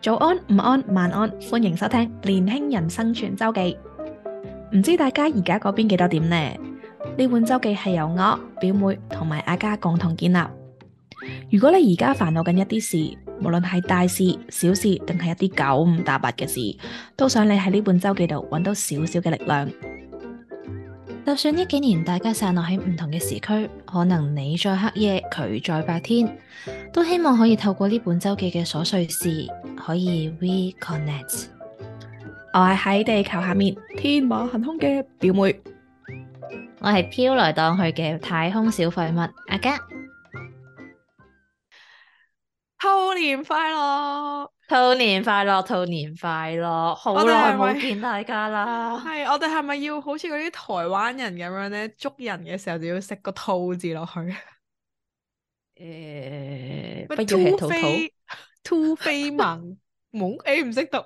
早安、午安、晚安，歡迎收聽《年輕人生存周記》。唔知大家而家嗰邊幾多點呢？呢本周記係由我、表妹同埋阿嘉共同建立。如果你而家煩惱緊一啲事，無論係大事、小事，定係一啲九唔搭八嘅事，都想你喺呢本周記度揾到少少嘅力量。就算呢幾年大家散落喺唔同嘅時區，可能你在黑夜，佢在白天，都希望可以透過呢本周記嘅瑣碎事，可以 reconnect。我係喺地球下面天馬行空嘅表妹，我係飄來蕩去嘅太空小廢物阿 Ga。兔年快樂！兔年快樂，兔年快樂！好耐冇見大家啦。係，我哋係咪要好似嗰啲台灣人咁樣咧？捉人嘅時候就要食個兔字落去。誒、欸 是，不要吃兔兔。兔飛猛，猛誒唔識讀。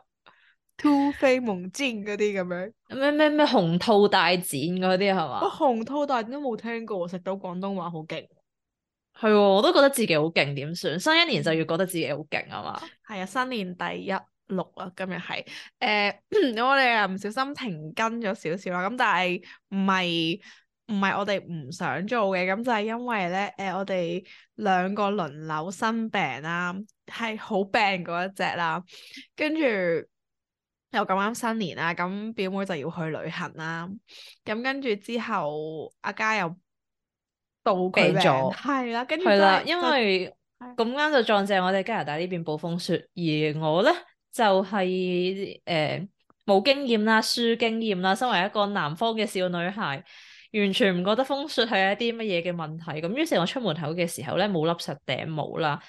兔飛猛煎嗰啲咁樣。咩咩咩，紅兔大展嗰啲係嘛？紅兔大展都冇聽過，食到廣東話好勁。係 我都覺得自己好勁，點算？新一年就要覺得自己好勁啊嘛！係 啊樂，新年第一六啊，今日係，誒、欸，我哋又唔小心停更咗少少啦。咁但係唔係唔係我哋唔想做嘅，咁就係因為咧，誒、呃，我哋兩個輪流生病啦、啊，係、啊、好病嗰一隻啦，跟住又咁啱新年啦、啊，咁表妹就要去旅行啦、啊，咁跟住之後阿 Ga 又。妒忌咗，係啦，跟住係啦，啊、因為咁啱 就撞正我哋加拿大呢邊暴風雪，而我咧就係誒冇經驗啦、輸經驗啦，身為一個南方嘅小女孩，完全唔覺得風雪係一啲乜嘢嘅問題。咁於是，我出門口嘅時候咧冇笠實頂帽啦，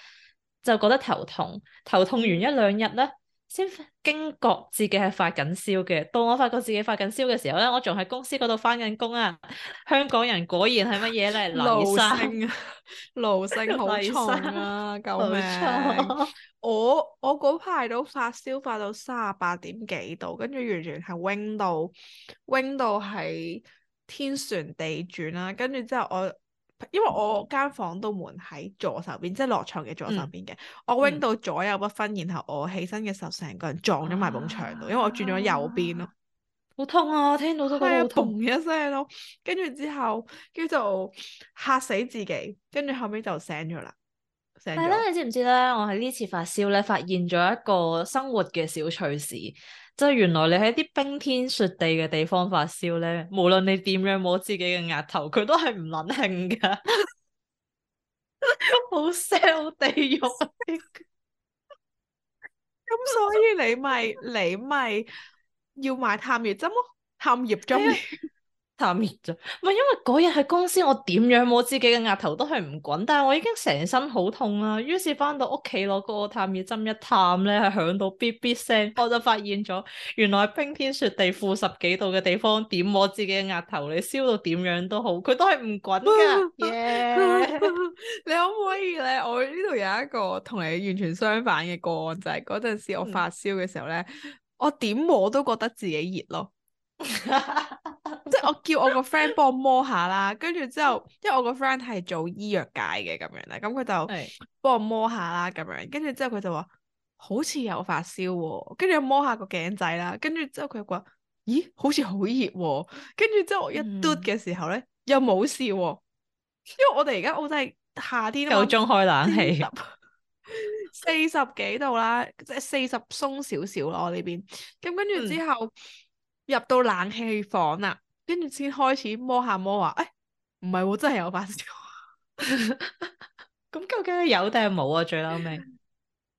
就覺得頭痛，頭痛完一兩日咧，先驚覺自己係發緊燒嘅，到我發覺自己發緊燒嘅時候咧，我仲喺公司嗰度返緊工啊！香港人果然係乜嘢咧？奴性星，奴性好重啊！星救命！星我我嗰排都發燒，發到三十八點幾度，跟住完全係 wing 到 wing 到係天旋地轉啦，跟住之後我。因為我間房度門喺左手邊，即係落牀嘅左手邊嘅，嗯、我 wing 到左右不分，嗯、然後我起身嘅時候，成個人撞咗埋埲牆度，因為我轉咗右邊咯，啊，好痛啊！我聽到都係啊嘣一聲咯，跟住之後，跟住嚇死自己，跟住後尾就醒咗啦，醒咗。係啦，你知唔知咧？我喺呢次發燒咧，發現咗一個生活嘅小趣事。即係原來你喺啲冰天雪地嘅地方發燒咧，無論你點樣摸自己嘅額頭，佢都係唔撚興㗎，好 sell 地獄。咁所以你咪 你咪要買探熱針咯，探熱針。 探熱咗，唔係因為嗰日喺公司，我點樣摸自己嘅額頭都係唔滾，但係我已經成身好痛啦。於是翻到屋企攞個探熱針一探咧，係響到嗶嗶聲，我就發現咗原來冰天雪地負十幾度嘅地方點摸自己嘅額頭，你燒到點樣都好，佢都係唔滾噶。 Yeah. 你可唔可以咧？我呢度有一個同你完全相反嘅個案，就係嗰陣時我發燒嘅時候咧，嗯、我點摸都覺得自己熱咯。 即係我叫我個 friend 幫我摸下啦，跟住之後，因為我個 friend 係做醫藥界嘅咁樣咧，咁佢是就幫我摸下啦咁樣，跟住之後佢就話好似有發燒喎、啊，跟住又摸下個頸仔啦，跟住之後佢話咦好似好熱，跟住之後我一嘟嘅時候咧、嗯、又冇事、啊，因為我哋而家澳洲係夏天夠鐘開冷氣，四十幾度啦，即、就、係、是、四十鬆少少咯，我呢邊，咁跟住之後。嗯入到冷氣房啦，跟住先開始摸下摸啊，誒，唔係喎，真係有發燒。咁 究竟有定冇啊？最嬲尾，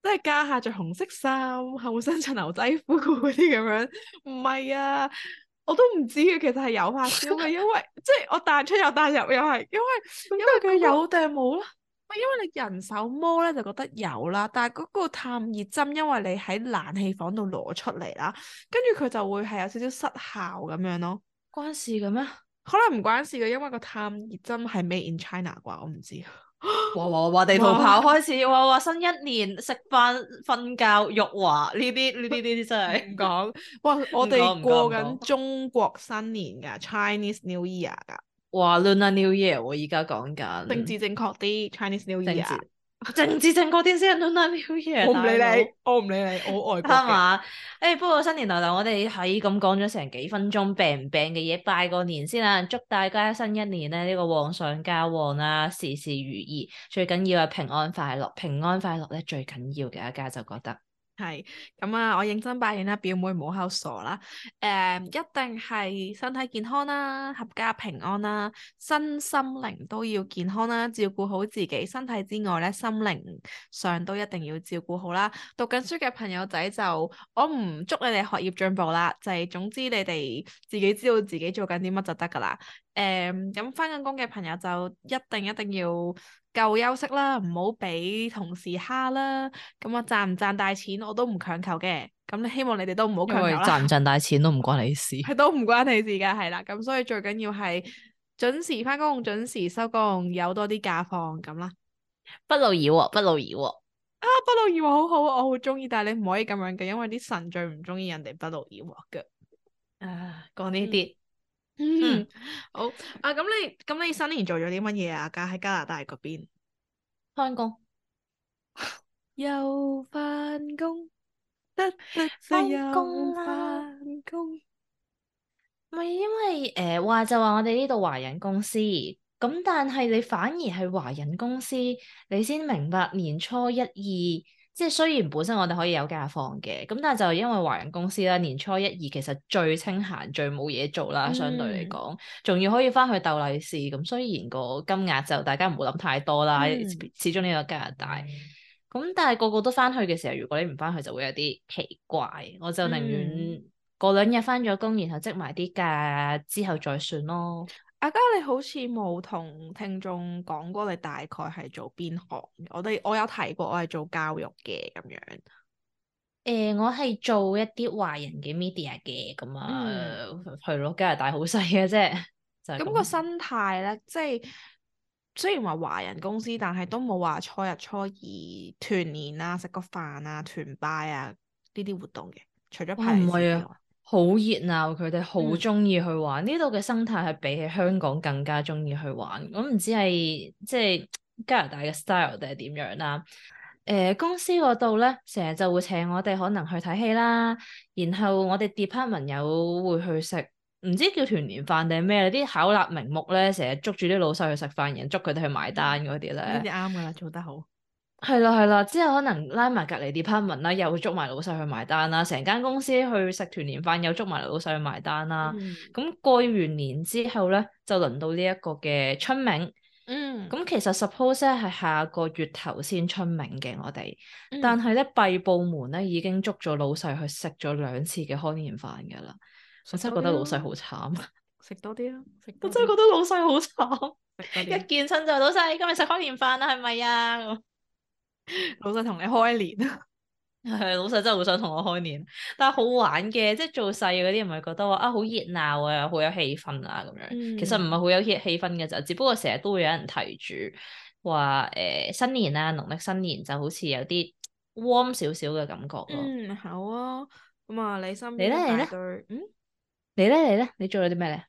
即係加下着紅色衫，後身襯牛仔褲嗰啲咁樣，唔係啊，我都唔知嘅，其實係有發燒嘅，因為即係我彈出又彈入，又係因為因為佢有定冇咧。因為你人手摸咧就覺得有啦，但係嗰個探熱針因，因為你喺冷氣房度攞出嚟啦，跟住佢就會係有少少失效咁樣咯。關事嘅咩？可能唔關事嘅，因為個探熱針係 made in China 啩，我唔知。哇哇哇哇！地圖跑開始，哇哇！新一年食飯瞓覺辱華呢啲呢啲呢啲真係唔講。 哇！說我哋過緊中國新年㗎，Chinese New Year 㗎。哇，Lunar New Year，我依家講緊。政治正確啲，Chinese New Year。 政治正確啲先，Lunar New Year。我唔理你，我唔理你，我外國嘅。誒、 欸，不過新年流流，我哋喺咁講咗成幾分鐘病唔病嘅嘢，拜個年先啦，啊，祝大家新一年咧呢，這個旺上加旺啦，啊，事事如意，最緊要係平安快樂，平安快樂咧最緊要嘅，家就覺得。係咁啊！我認真拜年啦，表妹唔好後傻啦。誒、嗯，一定係身體健康啦，闔家平安啦，身心靈都要健康啦，照顧好自己身體之外咧，心靈上都一定要照顧好啦。讀緊書嘅朋友仔就，我唔祝你哋學業進步啦，就係、是、總之你哋自己知道自己做緊啲乜就得㗎啦。誒，咁翻緊工嘅朋友就一定一定要夠休息啦，唔好俾同事蝦啦。咁啊，賺唔賺大錢我都唔強求嘅。咁希望你哋都唔好強求啦。因為賺唔賺大錢都唔關你事。係都唔關你事噶，係啦。咁所以最緊要係準時翻工同準時收工，有多啲假放咁啦。不勞而獲，不勞而獲。啊，不勞而獲好好，我好中意。但係你唔可以咁樣嘅，因為啲神最唔中意人哋不勞而獲嘅。啊，講呢啲。嗯嗯，好。啊，咁你咁你新年做咗啲乜嘢啊？家喺加拿大嗰邊翻工，班 又翻工，得得翻工啦。唔係因為誒、呃、話就話我哋呢度華人公司，咁但係你反而係華人公司，你先明白年初一二。即係雖然本身我哋可以有假放嘅，咁但係就因為華人公司啦，年初一二其實最清閒、最冇嘢做啦，相對嚟講，仲、嗯、要可以翻去鬥利是。咁雖然個金額就大家唔好諗太多啦。嗯、始終呢個加拿大，咁、嗯、但係個個都翻去嘅時候，如果你唔翻去就會有啲奇怪。我就寧願過兩日翻咗工，嗯、然後積埋啲假之後再算咯。阿 Ga 你好似冇同聽眾講過你大概係做邊行？我哋我有提過我係做教育嘅咁樣。誒、欸，我係做一啲華人嘅 media 嘅咁啊，係咯、嗯，加拿大好細嘅啫。咁、就是嗯，那個生態咧，即係雖然話華人公司，但係都冇話初一初二團年啊、食個飯啊、團拜啊呢啲活動嘅，除咗派。好熱鬧，佢哋好中意去玩呢度嘅生態，係比起香港更加中意去玩。咁唔知係即係加拿大嘅 style 定係點樣啦、啊？誒、呃、公司嗰度咧，成日就會請我哋可能去睇戲啦，然後我哋 department 有會去食唔知叫團年飯定係咩啲巧立名目咧，成日捉住啲老細去食飯，然後捉佢哋去埋單嗰啲咧，呢啲啱噶啦，做得好。係啦係啦，之後可能拉埋隔籬 department 啦，又捉埋老細去埋單啦，成間公司去食團年飯又捉埋老細去埋單啦。咁、嗯、過完年之後咧，就輪到呢一個嘅春茗。嗯，咁其實 suppose 係下個月頭先春茗嘅我哋，嗯、但係咧閉部門咧已經捉咗老細去食咗兩次嘅開年飯噶啦。啊、我真係覺得老細好慘，食多啲啦、啊。 我真係覺得老細好慘， 一，啊、 一見親就老細，今日食開年飯啦，係咪啊？老細同你開年 啊，係老細真係好想同我開年，但係好玩嘅，即係做細嘅嗰啲咪覺得話啊好熱鬧啊，好有氣氛啊咁樣，嗯、其實唔係好有氣氛嘅就，只不過成日都會有人提住話誒新年啊農曆新年就好似有啲 warm 少少嘅感覺咯。嗯好啊，咁啊你心你咧你咧，嗯你咧你咧你做咗啲咩咧？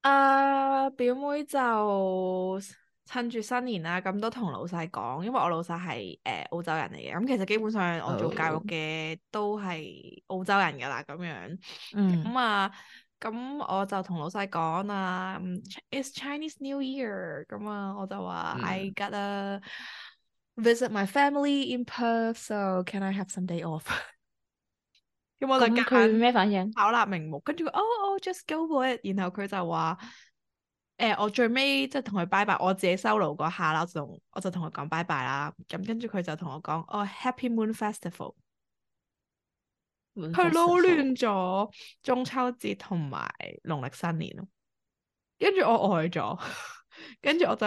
啊、uh, 表妹就。趁住新年啦，咁都同老細講，因為我老細係誒澳洲人嚟嘅，咁其實基本上我做教育嘅都係澳洲人噶啦，咁樣，咁啊，咁我就同老細講啊，It's Chinese New Year，咁啊，我就話 I gotta visit my family in Perth，so can I have some day off？咁佢咩反應？考慮名目，跟住哦哦，just go for it，然後佢就話。誒、欸，我最尾即係同佢拜拜，我自己收留嗰下啦，就同我就同佢講拜拜啦。咁跟住佢就同我講，哦、oh,，Happy Moon Festival，佢撈亂咗中秋節同埋農曆新年咯。跟住我呆咗，跟住我就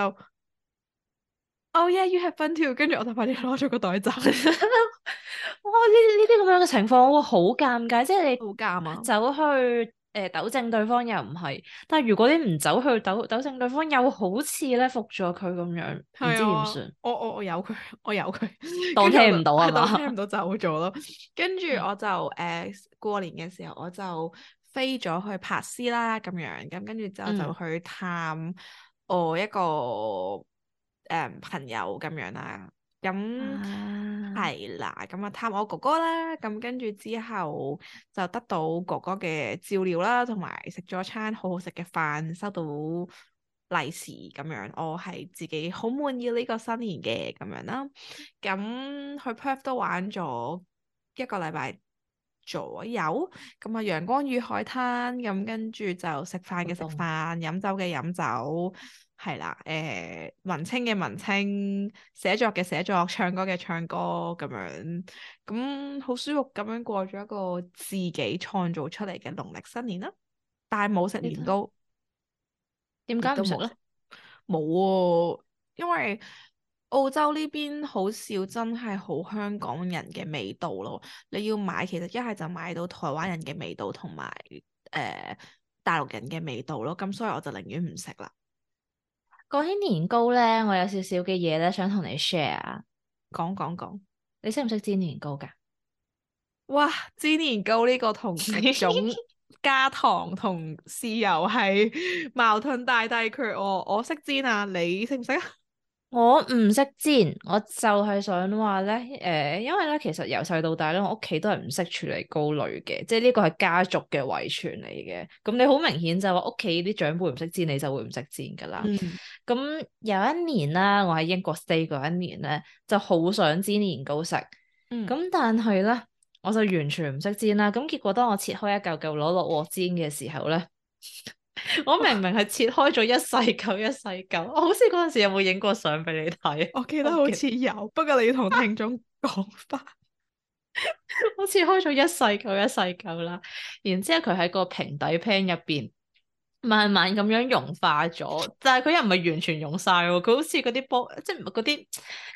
，Oh yeah，you have fun too。跟住我就快啲攞咗個袋走。 哇，呢呢啲咁樣嘅情況我會好尷尬，即係你，好尷尬，走去。誒、糾正對方又唔係，但係如果你唔走去糾糾正對方，又好似咧服咗佢咁樣，唔、嗯、知點算？我我我由佢，我由佢，盜聽唔到啊嘛，當聽唔到走咗咯。跟住 我就誒、呃、過年嘅時候，我就飛咗去柏斯啦咁樣，咁跟住之後就、嗯、就去探我一個誒、呃、朋友咁樣啦。咁係啦，咁那啊就探我哥哥啦，咁跟住之後就得到哥哥嘅照料啦，同埋食咗餐好好食嘅飯，收到利是咁樣，我係自己好滿意呢個新年嘅咁樣啦。咁去 Perth 都玩咗一個禮拜左右，咁啊陽光與海灘，咁跟住就食飯嘅食飯，嗯、飲酒嘅飲酒。係啦，誒、呃、文青嘅文青，寫作嘅寫作，唱歌嘅唱歌咁樣，咁好舒服咁樣過咗一個自己創造出嚟嘅農曆新年啦。但係冇食年糕，點解唔食咧？冇喎、啊，因為澳洲呢邊好少真係好香港人嘅味道咯。你要買，其實一係就買到台灣人嘅味道同埋誒大陸人嘅味道咯。咁所以我就寧願唔食啦。講起年糕咧，我有少少嘅嘢咧想同你 share 啊。講講講，你識唔識煎年糕噶？哇，煎年糕呢個同呢種 加糖同豉油係矛盾大大缺哦。我我識煎啊，你識唔識？ 我唔識煎，我就係想話咧，誒、呃，因為咧，其實由細到大咧，我屋企都係唔識處理糕類嘅，即係呢個係家族嘅遺傳嚟嘅。咁你好明顯就話屋企啲長輩唔識煎，你就會唔識煎噶啦。咁、嗯、有一年啦，我喺英國 stay 嗰一年咧，就好想煎年糕食。咁、嗯、但係咧，我就完全唔識煎啦。咁結果當我切開一嚿嚿攞落鑊煎嘅時候咧。 我明明係切開咗一細嚿一細嚿，我好似嗰陣時有冇影過相俾你睇？我記得好似有， 不過你要同聽眾講翻，好似 開咗一細嚿一細嚿啦，然之後佢喺個平底 pan 入邊慢慢咁樣融化咗，但係佢又唔係完全融晒，佢好似嗰啲波，即係唔係嗰啲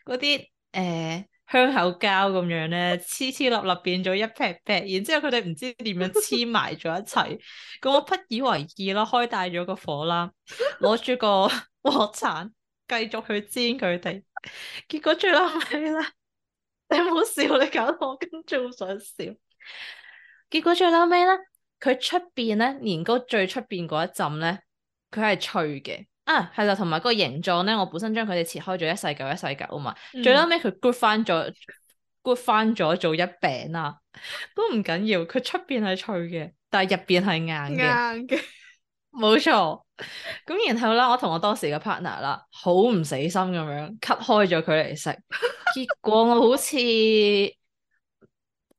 嗰啲誒。香口膠咁樣咧，黐黐立立變咗一劈劈，然之後佢哋唔知點樣黐埋咗一齊，咁 我不以為意咯，開大咗個火啦，攞住個鍋鏟繼續去煎佢哋，結果最嬲尾啦，你唔好笑，你搞到我跟住好想笑，結果最嬲尾咧，佢出邊咧年糕最出邊嗰一浸咧，佢係脆嘅。啊，係啦，同埋嗰個形狀咧，我本身將佢哋切開咗一細嚿一細嚿啊嘛，嗯、最屘尾佢 group 翻咗 group 翻咗做一餅啦，都唔緊要，佢出邊係脆嘅，但係入邊係硬嘅，冇錯的。咁然後啦，我同我當時嘅 partner 啦，好唔死心咁樣 cut 開咗佢嚟食， 結果我好似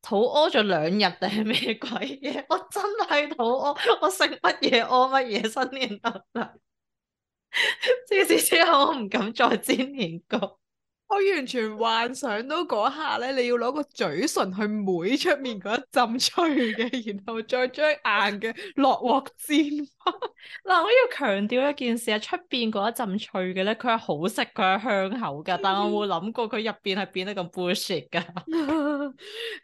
肚屙咗兩日定係咩鬼嘢？我真係肚屙，我食乜嘢屙乜嘢，新年得得。 自此之後，我唔敢再煎年糕。 我完全幻想到嗰下咧，你要攞個嘴唇去抹出面嗰一浸脆嘅，然後再將硬嘅落鑊煎。嗱， 我要強調一件事啊，出邊嗰一浸脆嘅咧，佢係好食，佢係香口噶。嗯、但我冇諗過佢入邊係變得咁 bullshit 噶。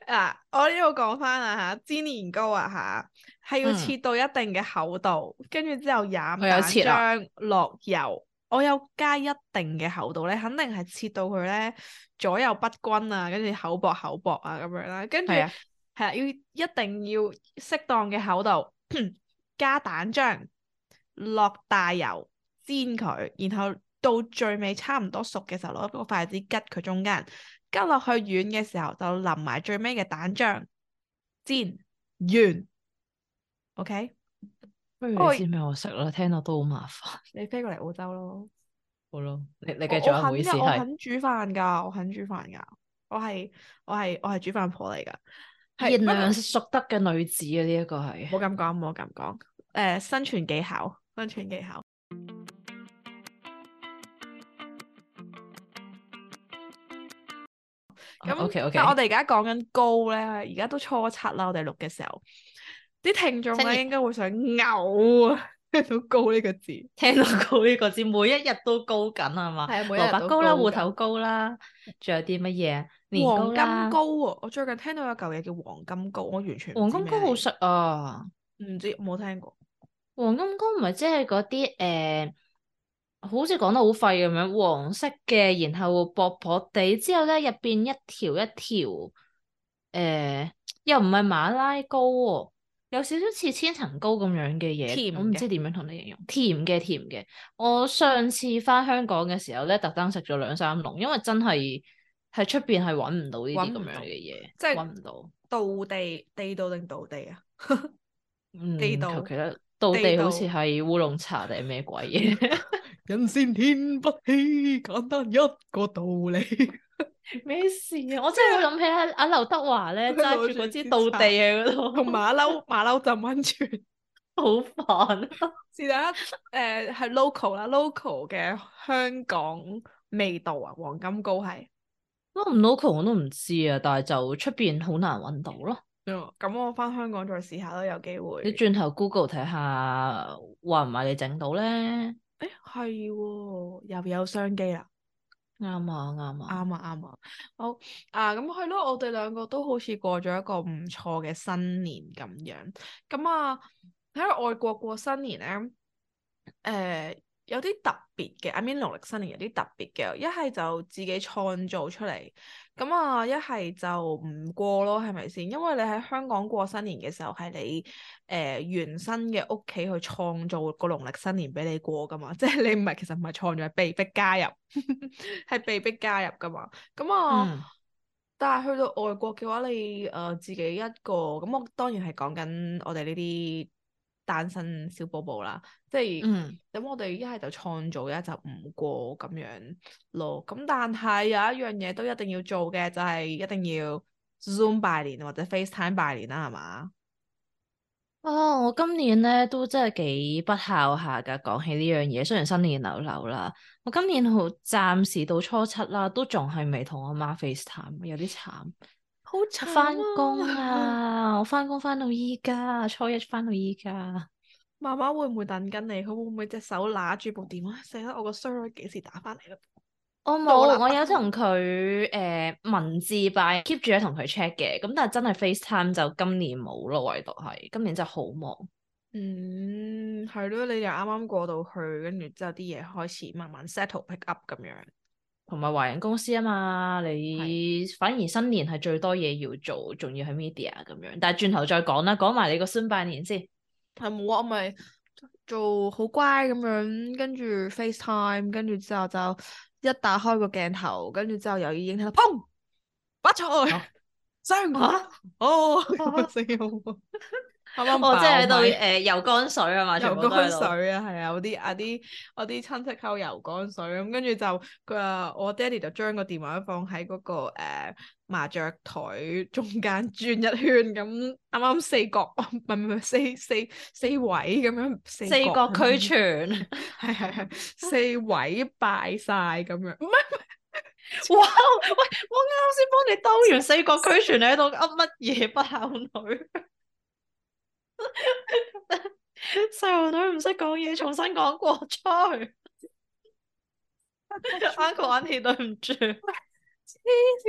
嗱 我呢度講翻啊吓，煎年糕啊吓。係要切到一定嘅厚度，跟住之後染蛋漿有切落油，我有加一定嘅厚度咧，肯定係切到佢咧左右不均啊，跟住厚薄厚薄啊咁樣啦。跟住係啊，要一定要適當嘅厚度， 加蛋漿落大油煎佢，然後到最尾差唔多熟嘅時候，攞一個筷子拮佢中間拮落去軟嘅時候，就淋埋最尾嘅蛋漿煎完。O Okay ? K，不如先俾我食啦，聽到都好麻煩。你飛過嚟澳洲咯，好咯，你你繼續。我肯我肯煮飯噶是，我肯煮飯噶，我係我係我係煮飯婆嚟噶，賢良淑德嘅女子啊，呢一 個係。唔好咁講，唔好咁講。誒、呃，生存技巧，生存技巧。咁，但係我哋而家講緊高咧，而家都初七啦，我哋錄嘅時候。啲聽眾咧，應該會想嘔啊！聽到高呢個字，聽到高呢個字，每一日都高緊啊，係嘛？高蘿蔔糕啦，芋頭糕啦，仲 有啲乜嘢？年糕，黃金糕喎！我最近聽到有嚿嘢叫黃金糕，我完全黃金糕好食啊！唔知冇聽過黃金糕，唔係即係嗰啲誒，好似講得好廢咁樣，黃色嘅，然後薄薄地，之後咧入邊一條一條誒、呃，又唔係馬拉糕喎、哦。有少少似千層糕咁樣嘅嘢的，甜我唔知點樣同你形容，甜嘅甜嘅。我上次返香港嘅時候咧，特登食咗兩三籠，因為真係喺出邊係搵唔到呢啲咁樣嘅嘢，即係搵唔到。是道地地道定道地啊？地道，道地，其實道地好似係烏龍茶定咩鬼嘢？ 人先天不起，簡單一個道理。 咩事啊？我真係會諗起阿阿劉德華咧，揸住嗰支道地喺嗰度馬騮馬騮浸温泉，好煩、 啊呃。是但一誒係 local 啦，local 嘅香港味道啊，黃金糕係。local 唔 local 我都唔知啊，但係就出邊好難搵到咯。咁、嗯、我翻香港再試下咯，有機會。你轉頭 Google 睇下，話唔埋你整到咧。誒、欸，係喎，又有商機啦。.啱 啊，啱啊，啱啊，啱啊，好啊，咁係咯，我哋兩個都好似過咗一個唔錯嘅新年咁樣，咁啊喺外國過新年咧，誒、呃。有啲特別嘅，I mean 農曆新年有啲特別嘅，一係就自己創造出嚟，咁啊一係就唔過咯，係咪先？因為你喺香港過新年嘅時候，係你誒、呃、原生嘅屋企去創造個農曆新年俾你過㗎嘛，即係你唔係其實唔係創造，係被逼加入，係 被逼加入㗎嘛。咁啊，嗯、但係去到外國嘅話，你誒、呃、自己一個，咁我當然係講緊我哋呢啲。單身小寶寶啦，即係咁、嗯、我哋一係就創造一就唔過咁樣咯。咁但係有一樣嘢都一定要做嘅，就係、是、一定要 Zoom 拜年或者 FaceTime 拜年啦，係嘛？啊、哦，我今年咧都真係幾不孝下噶。講起呢樣嘢，雖然新年流流啦，我今年好暫時到初七啦，都仲係未同我媽 FaceTime，有啲慘。好慘啊！翻工啊 我翻工翻到依家，初一翻到依家。媽媽會唔會等緊你？佢會唔會隻手揦住部電話，寫得我個衰女幾時打翻嚟咧？我冇，拿我有同佢誒文字拜，keep 住有同佢 check 嘅。咁但係真係 FaceTime 就今年冇咯，唯獨係今年就好忙。嗯，係咯，你哋啱啱過到去，跟住之後啲嘢開始慢慢 settle pick up 咁樣。同埋華人公司啊嘛，你反而新年係最多嘢要做，仲要喺 media 咁樣。但係轉頭再講啦，講埋你個新拜年先。係冇啊，我咪做好乖咁樣，跟住 FaceTime，跟住之後就一打開個鏡頭，跟住之後又已經聽到，砰！不錯，雙下哦，正喎，啊。 剛剛哦，即係喺度誒游乾水啊嘛，游乾水啊，係啊，我啲阿啲我啲親戚溝游乾水，咁跟住就佢話我爹哋就將個電話放喺嗰、那個誒、呃、麻雀台中間轉一圈，咁啱啱四角唔係唔係四四 四位咁樣四角俱全，係係係四位拜晒咁樣，唔係，哇！喂，我啱先幫你兜完四角俱全，你喺度噏乜嘢不孝女？ 細路女唔識講嘢，重新講過出去。翻個冷帖，對唔住。黐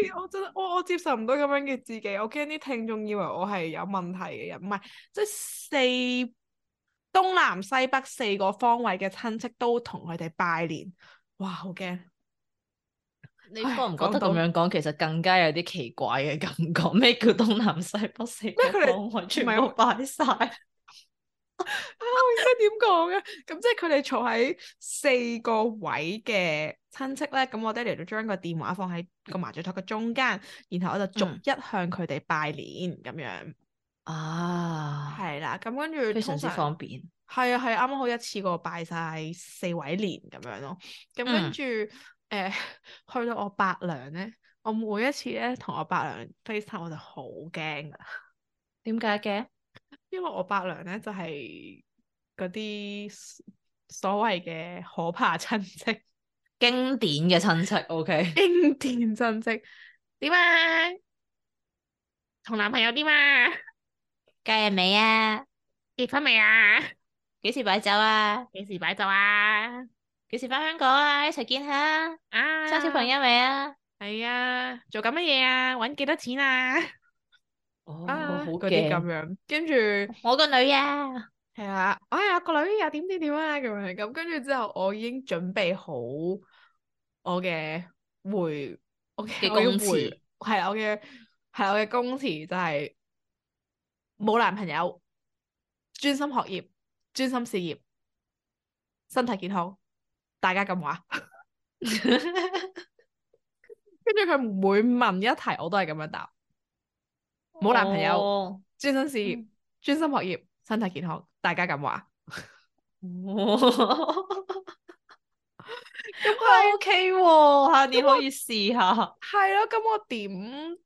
線，我真係我我接受唔到咁樣嘅自己，我驚啲聽眾以為我係有問題嘅人，唔係即係四東南西北四個方位嘅親戚都同佢哋拜年，哇好驚！你覺唔覺得咁樣講唉其實更加有啲奇怪嘅感覺？咩東叫東南西北四個方位，全部拜曬？啊、 哎，我而家點講？咁即係佢哋坐喺四個位嘅親戚咧。咁我爹哋就將個電話放喺個麻雀枱嘅中間，然後我就逐一向佢哋拜年咁、嗯、樣。啊，係啦。咁跟住非常方便。係啊，係啱啱好一次過拜晒四位年咁樣咯。咁跟住。嗯誒，uh, 去到我伯娘咧，我每一次咧同我伯娘 FaceTime，我就好驚噶。點解嘅？因為我伯娘咧就係嗰啲所謂嘅可怕親戚，經典嘅親戚。O、okay. K，經典親戚。點啊？同男朋友點啊？嫁人未啊？結婚未啊？幾時擺酒啊？幾時擺酒啊？幾時翻香港啊？一齊見下啊！生小朋友未啊？係啊，做緊乜嘢啊？搵幾多錢啊？哦、oh, 啊，好嗰啲咁樣，跟住我個女啊，係啊，哎、我有個女又點點點啊，咁樣咁，跟住、啊、之後我已經準備好我嘅回、我嘅工辭係啊，我嘅係、啊、我嘅工辭就係冇男朋友，專心學業，專心事業，身體健康。大家咁話，跟住佢每問一題，我都係咁樣答。冇男朋友，哦、專心事業，嗯、專心學業，身體健康。大家咁話，咁 我、啊 啊、仲 OK 喎，哦，下年、嗯、可以試下。係咯、嗯，咁我點？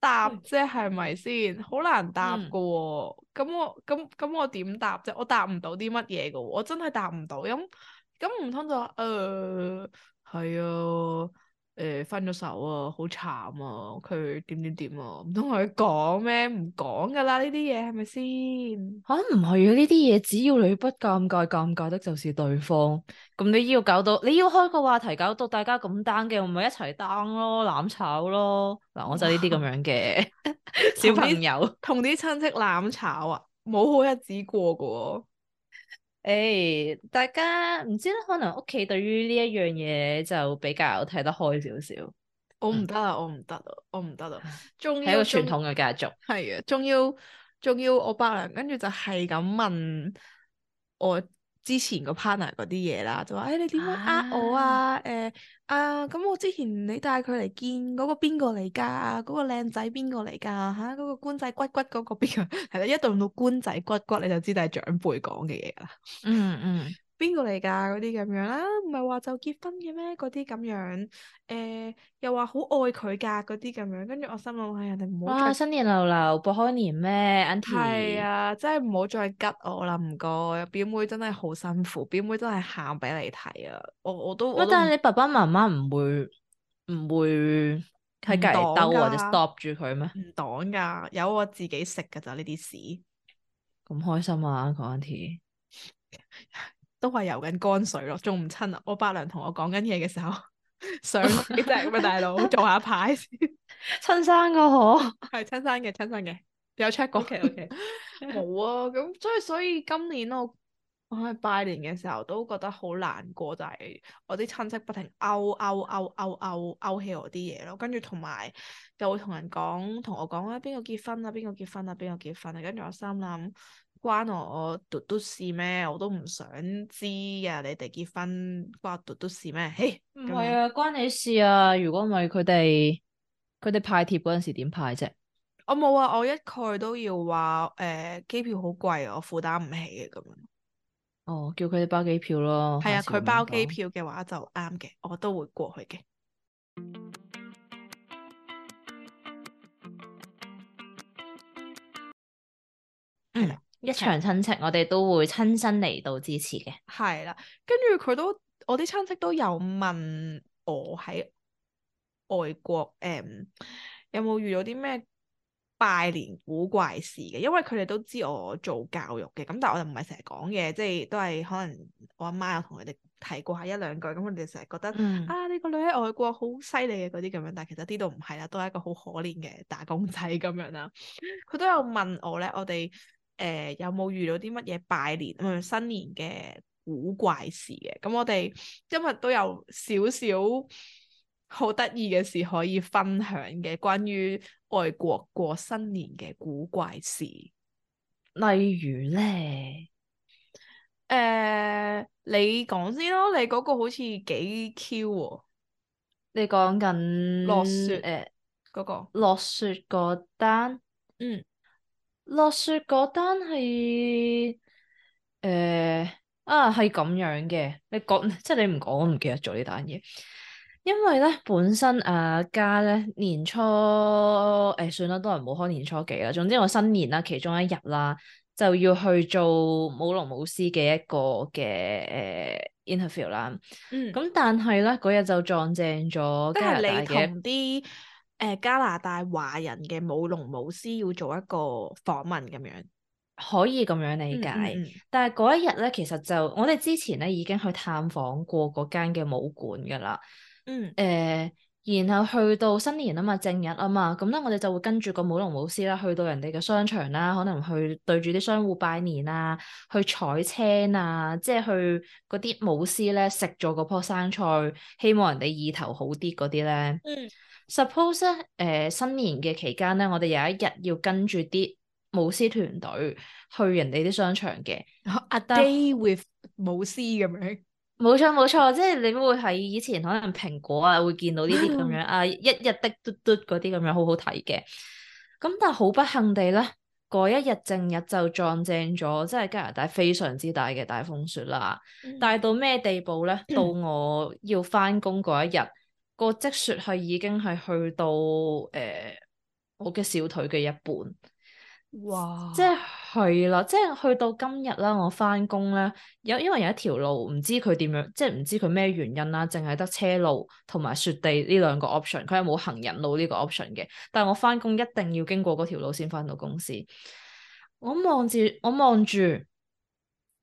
答啫，係咪先？好 難答噶喎，咁 我咁咁我點答啫？我答唔到啲乜嘢噶喎，我真係答唔到。咁咁唔通就話呃，係啊。誒、呃，分咗手啊，好慘啊，佢點點點啊，唔通佢講咩唔講噶啦？呢啲嘢係咪先？吓唔係啊？呢啲嘢，只要你不尷尬，尷尬的就是對方。咁你要搞到你要開個話題搞到大家咁 down 嘅，咪一齊 down 咯，攬炒咯嗱，我就呢啲咁樣嘅 小朋友同啲親戚攬炒啊，冇好日子過噶。誒，hey, 大家唔知咧，可能屋企對於呢一樣嘢就比較睇得開少少、嗯。我唔得啊，我唔得啊，我唔得啊。係一個傳統嘅家族。係啊，仲要仲要我伯娘，跟住就係咁問我。之前個 partner 嗰啲嘢啦，就話：誒、哎、你點解呃我啊？誒啊咁、欸啊、我之前你帶佢嚟見嗰、那個邊、嗰個嚟㗎？嗰個靚仔邊個嚟㗎？嚇、那、嗰個官仔骨骨嗰個邊個？係啦，一到到官仔骨骨你就知係長輩講嘅嘢啦。嗯嗯。邊個嚟噶？嗰啲咁樣啦，唔係話就結婚嘅咩？嗰啲咁樣，誒、呃，又話好愛佢噶嗰啲咁樣，跟住我心諗，唉，呀，你唔好再⋯⋯」哇！新年流流，博開年咩，阿 T？係啊，真係唔好再拮我啦，唔該，表妹真係好辛苦，表妹真係喊俾你睇啊，我我都。喂，麼都但係你爸爸媽媽唔會唔會喺隔籬兜或者 stop 住佢咩？唔擋噶，有我自己食噶咋呢啲屎。咁開心啊，阿 T？ 都話游緊乾水咯，仲唔親啊？我伯娘同我講緊嘢嘅時候，上幾隻咁啊，大佬做下牌先，親生個嗬，係親生嘅，親生嘅有 check 過嘅，OK，冇啊。咁所以所以今年我我去拜年嘅時候都覺得好難過，就係我啲親戚不停勾勾勾勾勾勾起我啲嘢咯，跟住同埋就會同人講，同我講啊，邊個結婚啦，邊個結婚啦，邊個結婚啊，跟住我心諗。關我，我我關我讀都事咩？我都唔想知啊！你哋結婚關我讀都事咩？嘿，唔係啊，樣關你事啊！如果唔係佢哋，佢哋派貼嗰陣時點派啫？我冇啊，我一概都要話誒，呃，機票好貴啊，我負擔唔起嘅咁樣。哦，叫佢哋包機票咯。係啊，佢包機票嘅話就啱嘅，我都會過去嘅。一場親戚，我哋都會親身嚟到支持嘅。係啦，跟住佢都，我啲親戚都有問我喺外國誒、嗯，有冇遇到啲咩拜年古怪事嘅？因為佢哋都知我做教育嘅，咁但係我又唔係成日講嘢，即係都係可能我阿媽有同佢哋提過下一兩句，咁佢哋成日覺得、嗯、啊，你個女喺外國好犀利嘅嗰啲咁樣，但係其實啲都唔係啦，都係一個好可憐嘅打工仔咁樣啦。佢 都有問我咧，我哋。誒、呃、有冇遇到啲乜嘢拜年唔、嗯、新年嘅古怪事嘅？咁我哋今日都有少少好得意嘅事可以分享嘅，關於外國過新年嘅古怪事。例如咧，誒你講先咯，你嗰個好似幾 Q 喎？你講緊落雪誒嗰、呃嗰個落雪嗰單嗯。落雪嗰單係，誒啊，係咁樣嘅，你講，即係你唔講，我唔記得做呢單嘢。因為咧本身誒、啊、家咧年初誒、欸、算啦，都係冇開年初幾啦。總之我新年啦其中一日啦，就要去做舞龍舞獅嘅一個嘅誒 interview 啦。呃、inter 嗯。咁但係咧嗰日就撞正咗，即係你同啲。誒、呃，加拿大華人嘅舞龍舞獅，要做一個訪問咁樣，可以咁樣理解。嗯嗯、但係嗰一日咧，其實就我哋之前咧已經去探訪過嗰間嘅舞館噶啦。嗯。誒、呃，然後去到新年啊嘛，正日啊嘛，咁咧我哋就會跟住個舞龍舞獅啦，去到人哋嘅商場啦，可能去對住啲商戶拜年啊，去採青啊，即係去嗰啲舞獅咧食咗嗰棵生菜，希望人哋意頭好啲嗰啲咧。嗯。Suppose 咧，誒，新年嘅期間咧，我哋有一日要跟住啲舞獅團隊去人哋啲商場嘅，A day with 舞獅咁樣。冇錯冇錯，即係你會喺以前可能蘋果啊會見到呢啲咁樣啊， 一日的嘟嘟嗰啲咁樣，好好睇嘅。咁但係好不幸地咧，嗰一日正日就撞正咗，即係加拿大非常之大嘅大風雪啦，大 到咩地步咧？到我要返工嗰一日。個積雪係已經係去到誒、呃、我嘅小腿嘅一半，哇！即係啦，即係去到今日啦。我翻工咧，有因為有一條路唔知佢點樣，即係唔知佢咩原因啦，淨係得車路同埋雪地呢兩個 option，佢係冇行人路呢個 option 嘅。但係我翻工一定要經過嗰條路先翻到公司。我望住我望住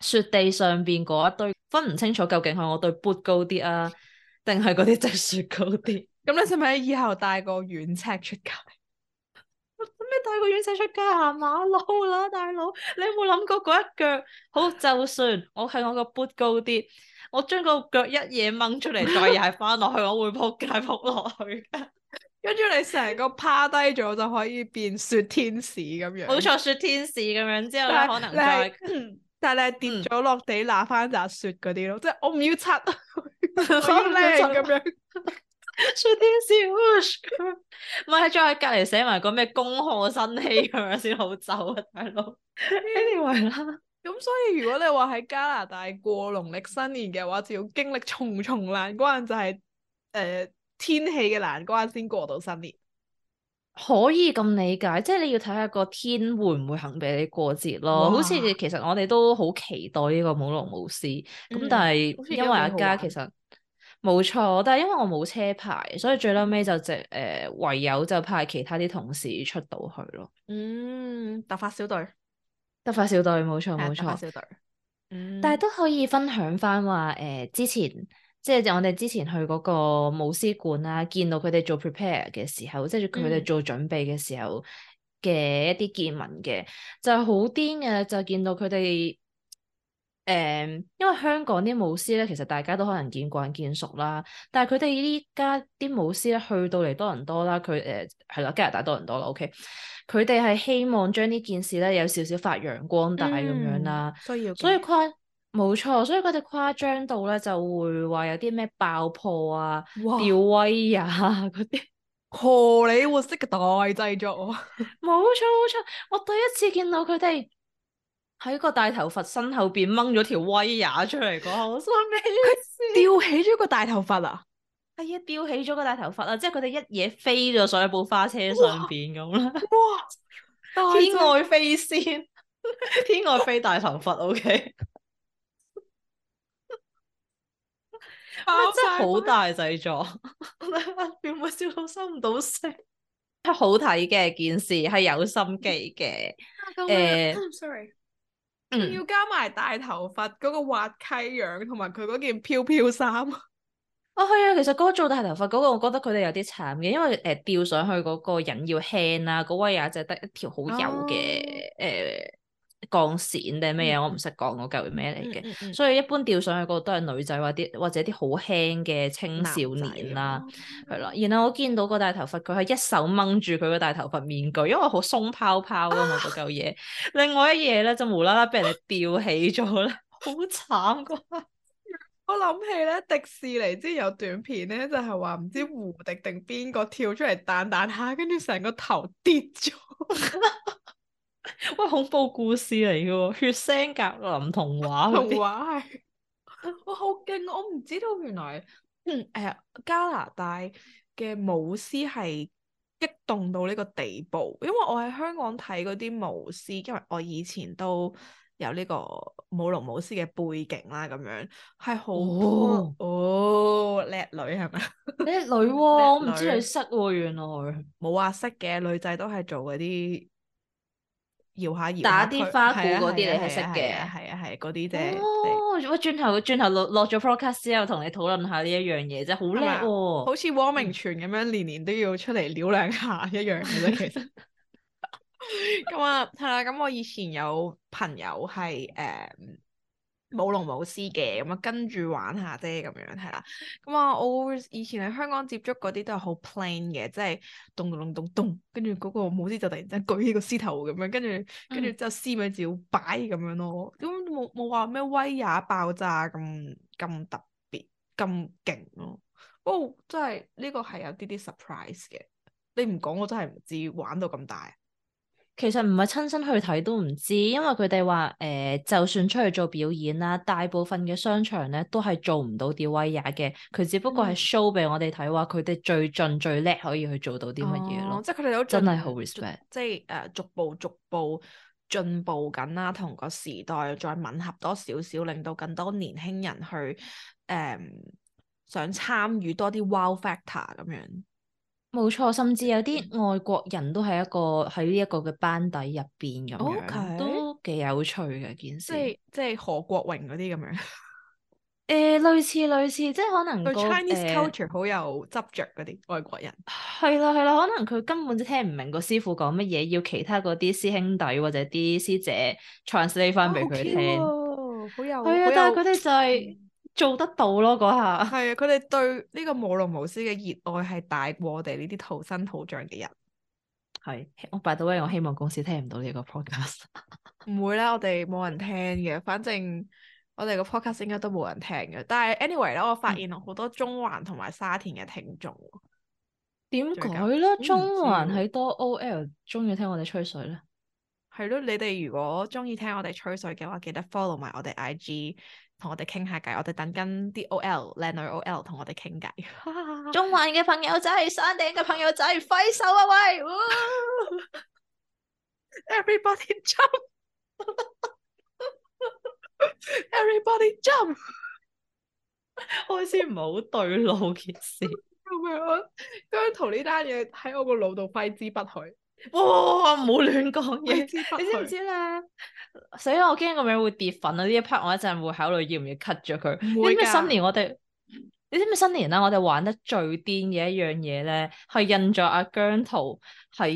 雪地上邊嗰一堆，分唔清楚究竟係我對 boot 高啲啊。定係嗰啲積雪高啲，咁你使唔使以後帶個軟尺出街？使 咩帶個軟尺出街行馬路啦，大佬？你有冇諗過嗰一腳？好，就算我係我個 boot 高啲，我將個腳一嘢掹出嚟，再而係翻落去，我會仆街仆落去。跟 住你成個趴低咗就可以變雪天使咁樣。冇 錯，雪天使咁樣之後，你可能就係， 但係 你跌咗落地攞翻扎雪嗰啲咯，即係我唔要擦。好靚咁樣， 吹天線，唔係再喺隔籬寫埋個咩？恭賀新禧咁樣先好走啊，大佬。Anyway 啦，咁所以如果你話喺加拿大過農曆新年嘅話，就要經歷重重難關，就係、是、誒、呃，天氣嘅難關先過到新年。可以咁理解，即係你要睇下個天會唔會肯俾你過節咯。哇好似其實我哋都好期待呢個舞龍舞獅，咁、嗯、但係因為一家其實。冇錯，但係因為我冇車牌，所以最嬲尾就隻誒、呃，唯有就派其他啲同事出到去咯。嗯，突發小隊，突發小隊冇錯冇錯、嗯。嗯，但係都可以分享翻話誒，之前即係我哋之前去嗰個舞獅館啊，見到佢哋做 prepare 嘅時候，即係佢哋做準備嘅時候嘅一啲見聞嘅、嗯，就係好癲嘅，就係見到佢哋。誒、嗯，因為香港啲舞獅咧，其實大家都可能見慣見熟啦。但係佢哋依家啲舞獅咧，去到嚟，多人多啦。佢、誒，係啦，加拿大多倫多啦。O K，佢哋係希望將呢件事咧有少少發揚光大咁樣啦。都要、嗯。所以誇冇錯，所以佢哋誇張到咧就會話有啲咩爆破啊、哇吊威啊嗰啲。荷里活式嘅大製作。冇錯冇錯，我第一次見到佢哋。喺個大頭佛身後邊掹咗條威亞出嚟講，好心機。佢吊起咗個大頭佛啊！係啊，吊起咗個大頭佛啊。即係佢哋一嘢飛咗上一部花車上邊咁啦。哇！ 天外飛仙， 天外飛大頭佛。OK，真係好大製作。表妹， 笑到收唔到聲。 好睇嘅件事係有心機嘅。誒，sorry、 啊。呃嗯、要加埋大頭髮嗰個滑稽樣，同埋佢嗰件飄飄衫。哦，係啊，其實嗰個做大頭髮嗰、那個，我覺得佢哋有啲慘嘅，因為誒吊、呃、上去嗰個人要輕啊，嗰位啊就得一條好幼嘅誒。哦呃鋼線定咩嘢？嗯、我唔識講嗰嚿咩嚟嘅，嗯嗯、所以一般吊上去嗰都係女仔或啲或者啲好輕嘅青少年啦，係啦、啊。然後我見到個大頭髮佢係一手掹住佢個大頭髮面具，因為好鬆泡泡咯，嗰嚿嘢。另外一嘢咧就無啦啦俾人哋吊起咗啦， 好慘啩、啊！ 我諗起咧迪士尼之前有短片咧，就係話唔知胡迪定邊個跳出嚟彈彈下，跟住成個頭跌咗。 喂，恐怖故事嚟嘅，血腥格林童話童話係， 哇，好勁！我唔知道，原來，誒、嗯呃，加拿大嘅舞獅係激動到呢個地步。因為我喺香港睇嗰啲舞獅，因為我以前都有呢個舞龍舞獅嘅背景啦，咁樣係好哦，叻、哦哦、女係咪？叻女，我唔知你識喎，原來冇話識嘅女仔都係做嗰啲。搖下搖，打啲花鼓嗰啲你係識嘅，係啊係，嗰啲啫。啊啊啊就是、哦，喂，轉頭轉頭落落咗 podcast 之後，同你討論下呢一樣嘢，即係好叻，好似汪明荃咁樣年年都要出嚟撩兩下一樣嘅啫。其實咁、 嗯嗯、啊，係啦，咁我以前有朋友係誒。Um, 冇龍冇獅嘅，咁啊跟住玩下啫，咁樣係啦。咁、嗯、啊、嗯，我以前喺香港接觸嗰啲都係好 plain 嘅，即係咚咚咚咚咚，跟住嗰個舞獅就突然之間舉起個獅頭咁樣，跟住跟住之後獅尾就要擺咁樣咯。咁冇冇話咩威也爆炸咁咁特別咁勁咯。哦，真係呢個係有啲啲 surprise 嘅。你唔講我真係唔知玩到咁大。其實唔係親身去睇都唔知，因為佢哋話誒，就算出去做表演啦，大部分嘅商場咧都係做唔到吊威亞嘅，佢只不過係 show 俾我哋睇，話佢哋最盡最叻可以去做到啲乜嘢咯。即係佢哋都真係好 respect，即係誒逐步逐步進步緊啦，同個時代再吻合多少少，令到更多年輕人去誒想參與多啲 wow factor 咁樣。冇錯，甚至有啲外國人都係一個喺呢一個嘅班底入邊咁樣，都幾有趣嘅件事。即係即係何國榮嗰啲咁樣。誒，uh, 類似類似，即係可能、嗰個、似 before, 對 Chinese culture、哎、好有執着嗰啲外國人。係啦，係啦，可能佢根本就聽唔明個師傅講乜嘢，要其他嗰啲師兄弟或者啲師姐 translate 翻俾佢聽、啊。好有趣。係啊的，有但係佢哋就、嗯。做得到咯，嗰下。係啊， 佢哋對呢個舞龍舞獅嘅熱愛係大過我哋呢啲土生土長嘅人。係，我 by the way，我希望公司聽唔到呢個 podcast。唔 會啦，我哋冇人聽嘅，反正我哋個 podcast 應該都冇人聽嘅。但係 anyway 咧，我發現好多中環同埋沙田嘅聽眾。點、嗯、近解咧？中環喺多 OL，中意 聽我哋吹水咧。係咯，你哋如果中意聽我哋吹水嘅話，記得 follow 埋我哋 IG，同我哋傾下偈。我哋等緊啲 OL 靚女 OL 同我哋傾偈。 中環嘅朋友仔，山頂嘅朋友仔，揮手啊喂！Everybody jump！Everybody jump！開先唔好對路事 件事，咁咪啊？姜濤呢單嘢喺我個腦度揮之不去。哇！唔好亂講嘢，你知唔知啦？所以，我驚咁樣會跌粉啊！呢一 part 我一陣會考慮要唔要 cut 咗佢。你知唔知新年我哋，你知唔知新年啦？我哋玩得最癲嘅一樣嘢咧，係印咗阿姜濤喺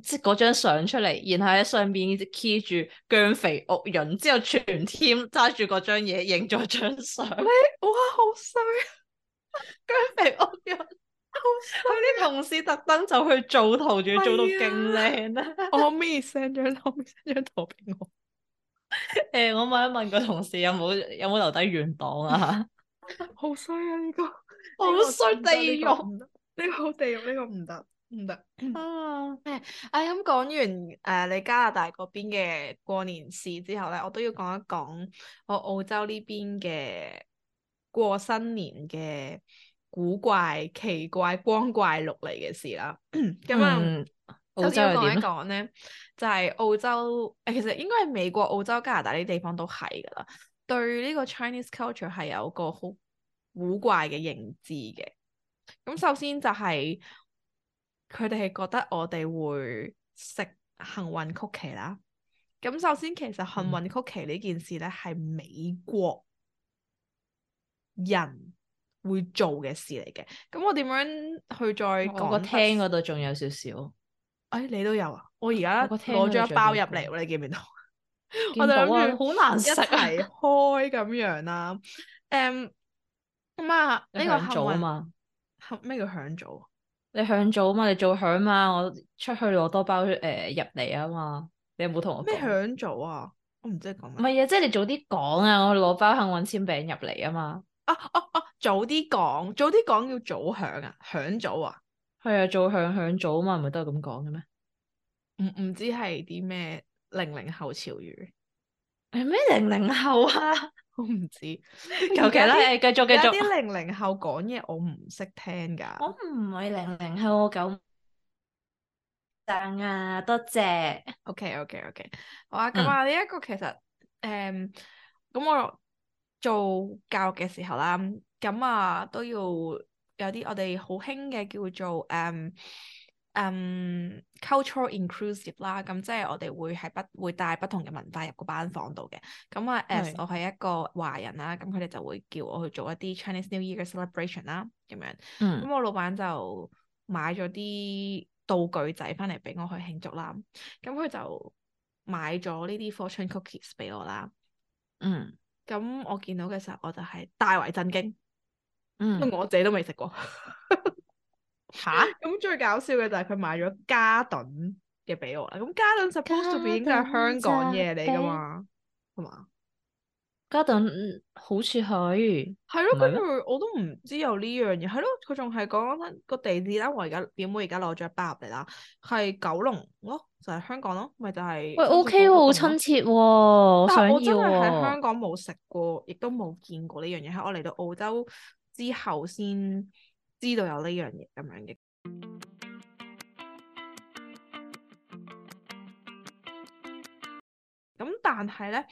即係嗰張相出嚟，然後喺上邊 key 住姜肥屋潤，之後全 team 揸住嗰張嘢影咗張相。你哇，好衰、啊！ 姜肥屋潤。佢啲、啊、同事特登就去做圖，仲要做到勁靚啦！我可唔可以 send 張圖 send 張圖俾我。誒、 呃，我問一問個同事有冇有冇留低原檔啊？ 好衰啊！呢、這個、個好衰地獄，呢個好地獄，呢、這個唔得唔得啊！誒、 哎、咁、嗯、講完誒、呃，你加拿大嗰邊嘅過年事之後咧，我都要講一講我澳洲呢邊嘅過新年嘅。古怪、奇怪、光怪陸離嘅事啦。咁我想講一講咧，就係、是、澳洲，其實應該係美國、澳洲、加拿大呢啲地方都係噶啦，對呢個 Chinese culture 係有個好古怪嘅認知嘅。咁首先就係佢哋係覺得我哋會食幸運曲奇啦。咁首先其實幸運曲奇呢件事咧係、嗯、美國人。會做嘅事嚟嘅，咁我點樣去再講個廳嗰度仲有少少？哎，你都有啊！我而家攞咗一包入嚟，見啊、你見唔見到？ 我就諗住好難食，一齊開咁樣啊。誒咁呢個合組啊嘛，咩叫響組？你響組啊嘛，你做響啊嘛，我出去攞多包誒入嚟啊嘛，你有冇同我咩響組啊？我唔知講咩。唔係啊，即係你早啲講啊，我攞包幸運簽餅入嚟啊嘛。啊啊啊啊。早啲講，早啲講要早響啊，響早啊。係啊，早響響早啊嘛，唔係都係咁講嘅咩？唔唔知係啲咩零零後潮語。係咩零零後啊？我唔知。求其啦，誒，繼續繼續。繼續有啲零零後講嘢，我唔識聽噶。我唔係零零後，九零啊，多謝。O K O K O K。好哇，咁啊，呢一個其實誒，咁、嗯、我做教育嘅時候啦。咁啊，都要有啲我哋好興嘅叫做誒誒、um, um, cultural inclusive 啦。咁即係我哋會係不會帶不同嘅文化入個班房度嘅。咁啊是，as 我係一個華人啦，咁佢哋就會叫我去做一啲 Chinese New Year 嘅 celebration 啦。咁樣，咁、嗯、我老闆就買咗啲道具仔翻嚟俾我去慶祝啦。咁佢就買咗呢啲 fortune cookies 俾我啦。嗯，咁我見到嘅時候，我就係大為震驚。嗯、我自己都未食過、 啊，吓？咁最搞笑嘅就係佢買咗嘉頓嘅俾我啦。咁嘉頓 supposed to be 應該係香港嘢嚟噶嘛？係嘛？嘉頓好似係，係咯吧。咁吧我都唔知有呢樣嘢。係咯。佢仲係講個地址啦。我而家表妹而家攞咗一包入嚟啦，係九龍咯，就係、是、香港咯，咪就係、是。就是、喂，OK，好親切喎、哦。但我真係喺香港冇食過，亦要都冇見過呢樣嘢。係我嚟到澳洲。之後先知道有樣 呢樣嘢咁樣嘅。咁但係咧，呢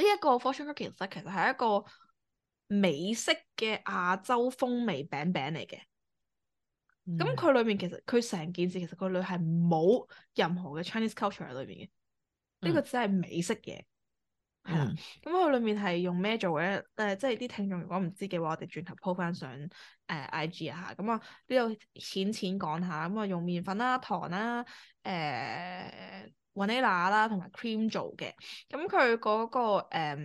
一個 fortune cookie 其實其實係一個美式嘅亞洲風味餅餅嚟嘅。咁佢裏面其實佢成件事其實佢裏係冇任何嘅 Chinese culture 喺裏面嘅。呢、嗯、個只係美式嘅。係啦，咁佢裏面係用咩做嘅？誒、呃，即係啲聽眾如果唔知嘅話，我哋轉頭 po 翻上誒 IG 一下。咁、呃、啊，呢度淺淺講下，咁啊用麵粉啦、糖、呃、啦、誒 vanilla 啦，同埋 cream 做嘅。咁佢嗰個、呃、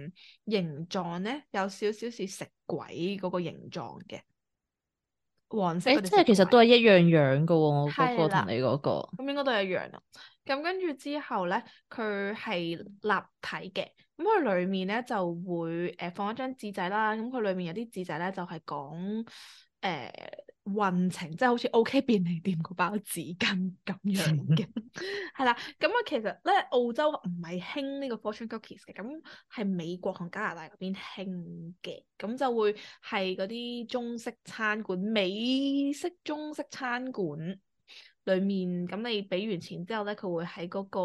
形狀咧，有少少似食鬼嗰個形狀嘅。黃色，即係、欸、其實都係一樣樣噶喎、哦，我嗰的個同你嗰、嗰個，咁應該都係一樣咯。咁跟住之後咧，佢係立體嘅，咁佢裏面咧就會誒、呃、放一張紙仔啦。咁佢裏面有啲紙仔咧就係講誒。呃運程即係好似 OK 便利店個包紙巾咁樣嘅，係啦。 咁啊，其實咧澳洲唔係興呢個 fortune cookies 嘅，咁係美國同加拿大嗰邊興嘅。咁就會係嗰啲中式餐館、美式中式餐館裡面，咁你俾完錢之後咧，佢會喺嗰個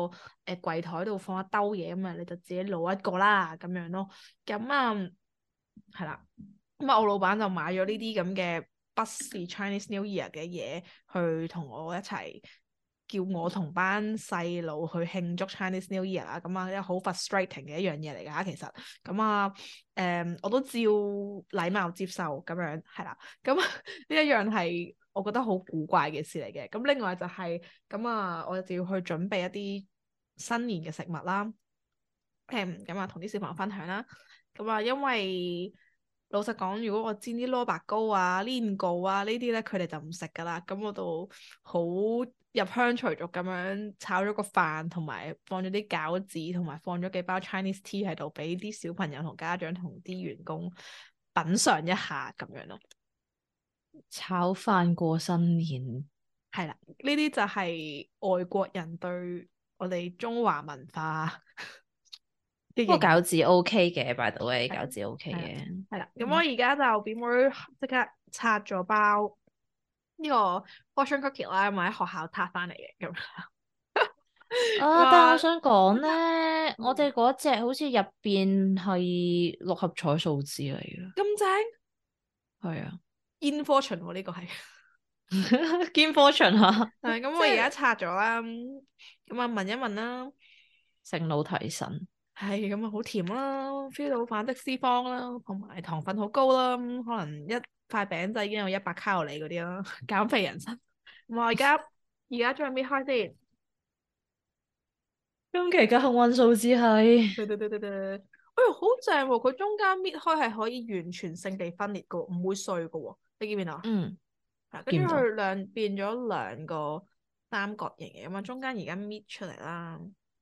誒櫃台度放一兜嘢，咁啊你就自己攞一個啦咁樣咯。咁啊，係啦。咁啊，我老闆就買咗呢啲咁嘅。辦事 Chinese New Year 嘅嘢，去同我一齊叫我同班細路去慶祝 Chinese New Year 啊。咁啊，一好 frustrating 嘅一樣嘢嚟㗎，其實，咁啊，誒、嗯，我都照禮貌接受咁樣，係啦，咁呢一樣係、啊、我覺得好古怪嘅事嚟嘅。咁另外就係、是，咁啊，我就要去準備一啲新年嘅食物啦，誒、嗯，咁啊，同啲小朋友分享啦，咁啊，因為。老實講，如果我煎啲蘿蔔糕啊、年糕啊呢啲咧，佢哋就唔食㗎喇。咁我度都好入鄉隨俗咁樣炒咗個飯，同埋放咗啲餃子，同埋放咗幾包 Chinese tea 喺度，俾啲小朋友同家長同啲員工品嚐一下咁樣咯。炒飯過新年，係啦，呢啲就係外國人對我哋中華文化。 呢個餃子 OK 嘅 by the way, 餃子 OK 嘅，係啦。咁我而家就表妹即刻拆咗包呢個 fortune cookie 啦，買喺學校撻翻嚟嘅，咁樣 啊！哇但係我想講咧，我哋嗰隻好似入邊係六合彩數字嚟嘅，咁正係啊！in fortune，呢、啊這個係 in fortune 吓、啊。誒，咁我而家拆咗啦，咁啊即問一問啦，醒腦提神。係咁啊，好甜啦，feel 到反式脂肪啦，同埋糖分好高啦，可能一塊餅就已經有一百卡路里嗰啲啦， 減肥人生。唔係，而家而家再搣開先。今期嘅幸運數字係。對對對對對。 哎呀，好正喎！佢中間搣開係可以完全性地分裂嘅，唔會碎嘅喎、啊。你見唔見到？嗯。啊、跟住佢兩變咗兩個三角形嘅嘛，中間而家搣出嚟啦。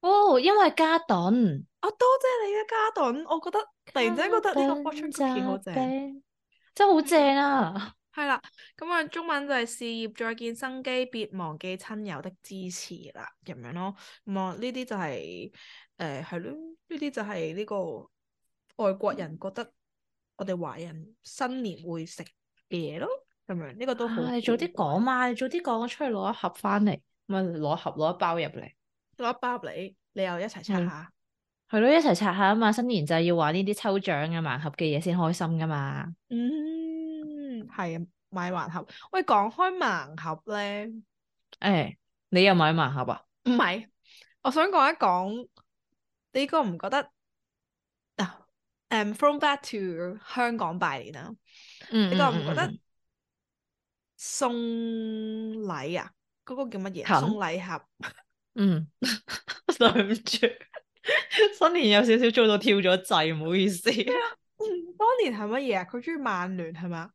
哦，因為嘉頓，啊、哦、多謝你嘅嘉頓，我覺得加頓 突然之間覺得呢個播出特別好正，真好正啊！係啦， 咁啊中文就係事業再見生機，別忘記親友的支持啦，咁樣咯。咁呢啲就係誒係咯，呢啲就係、是、呢、呃、個外國人覺得我哋華人新年會食嘅嘢咯，咁樣呢、這個都好。係、啊、你早啲講嘛，你早啲講，我出去攞一盒翻嚟，咪攞盒攞一包入嚟。攞一包入嚟，你又一齊拆下，係咯、嗯，一齊拆下啊嘛！新年就要玩呢啲抽獎嘅盲盒嘅嘢先開心噶嘛。嗯，係啊，買盲盒。喂，講開盲盒咧，誒、欸，你又買盲盒啊？唔係，我想講一講，你覺唔覺得？誒、oh, um,，from back to 香港拜年啊！你覺唔覺得嗯嗯嗯嗯送禮啊？嗰、嗰個叫乜嘢？行送禮盒。嗯，對唔住，新年有少少做到跳咗掣，唔好意思。當年係乜嘢啊？佢中意曼聯係嘛？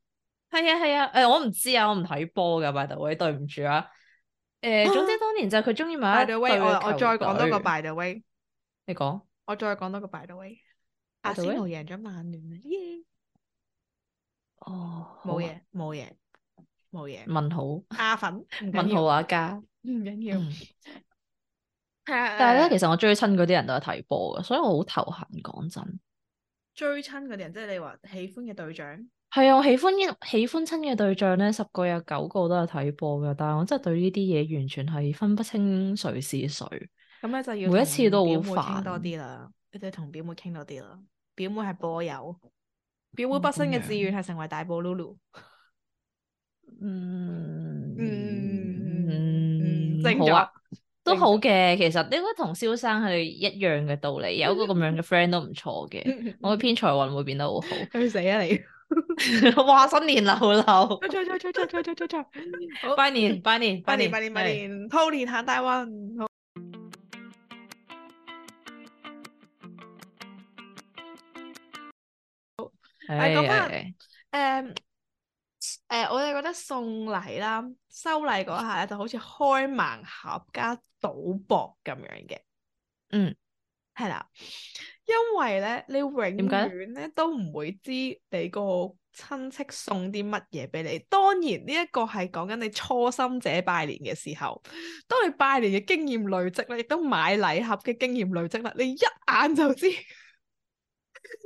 係啊係啊，誒我唔知啊，我唔睇波噶，by the way，對唔住啊。誒，總之當年就係佢中意埋 by the way，我再講多個 by the way。你講。我再講多個 by the way。阿仙奴贏咗曼聯啊！耶！哦，冇嘢冇嘢冇嘢。問好。阿粉。問好啊家。唔緊要。係啊，但係咧，其實我追親嗰啲人都係睇波噶，所以我好頭痕。講真，追親嗰啲人，即係你話喜歡嘅對象，係啊，我喜歡依喜歡親嘅對象咧，十個有九個都係睇波噶。但係我真係對呢啲嘢，完全係分不清誰是誰。咁咧就要每一次都好煩多啲啦，你哋同表妹傾多啲啦。表妹係波友，表妹畢生嘅志願係成為大波 Lulu。嗯嗯嗯，正啊！都好嘅，其實應該同蕭生係一樣嘅道理，有個咁樣嘅 friend 都唔錯嘅，我嘅偏財運會變得好好。去死啊你！哇新年流流！老竇！出出出出出出出出！拜年拜年拜年拜年拜年，兔年行大運。好，誒誒誒。誒、呃，我就覺得送禮啦，收禮嗰下咧就好似開盲盒加賭博咁樣嘅，嗯，係啦，因為咧你永遠咧都唔會知你個親戚送啲乜嘢俾你。當然呢一個係講緊你初心者拜年嘅時候，當你拜年嘅經驗累積啦，亦都買禮盒嘅經驗累積啦，你一眼就知